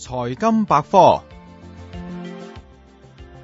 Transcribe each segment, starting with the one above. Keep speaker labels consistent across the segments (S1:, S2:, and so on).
S1: 財經百科。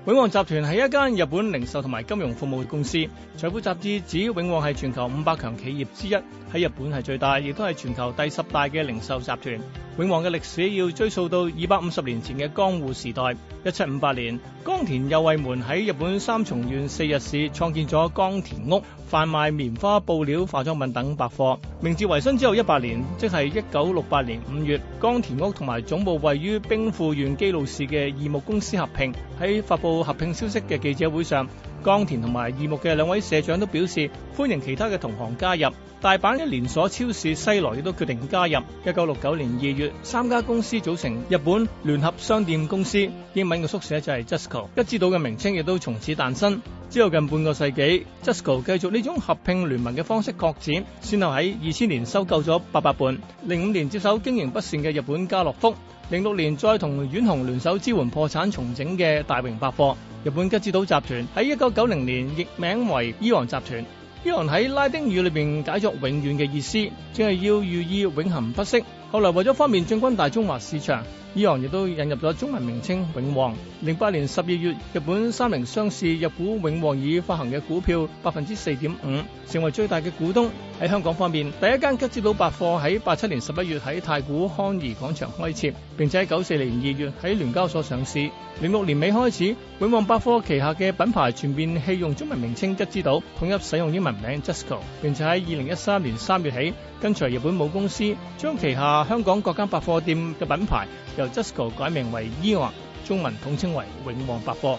S1: 永旺集團係一間日本零售同埋金融服務嘅公司。財富雜誌指永旺係全球五百強企業之一，喺日本係最大，亦都係全球第十大嘅零售集團。永旺嘅歷史要追溯到二百五十年前嘅江戶時代，一七五八年，岡田右衛門喺日本三重縣四日市創建咗岡田屋，販賣棉花布料、化妝品等百貨。明治維新之後一百年，即係一九六八年五月，岡田屋同埋總部位於兵庫縣姬路市嘅二木公司合併，喺發布。到合併消息嘅記者會上，岡田同埋二木嘅兩位社長都表示歡迎其他嘅同行加入。大阪，一連鎖超市西來亦都決定加入。一九六九年二月，三家公司組成日本聯合商店公司，英文嘅縮寫就係 JUSCO，吉之島嘅名稱亦都從此誕生。之後近半個世紀，JUSCO 繼續呢種合併聯盟嘅方式擴展，先後喺二千年收購咗八佰伴，零五年接手經營不善嘅日本家樂福。零六年再同丸紅聯手支援破產重整嘅大榮百貨，日本吉之島集團喺一九九零年，易名為伊昂集團。伊昂喺拉丁語裏邊解作永遠嘅意思，正係要寓意永恆不息。後來為咗方便進軍大中華市場，伊昂亦都引入咗中文名稱永旺。零八年十二月，日本三菱商事入股永旺已發行嘅股票百分之四點五，成為最大嘅股東。喺香港方面，第一間吉之島百貨喺八七年十一月喺太古康怡廣場開設，並且喺九四年二月喺聯交所上市。零六年尾開始，永旺百貨旗下嘅品牌全面棄用中文名稱吉之島，統一使用英文名 JUSCO。並且喺二零一三年三月起，跟隨日本母公司將旗下香港各間百貨店嘅品牌由 JUSCO 改名為 AEON，中文統稱為永旺百貨。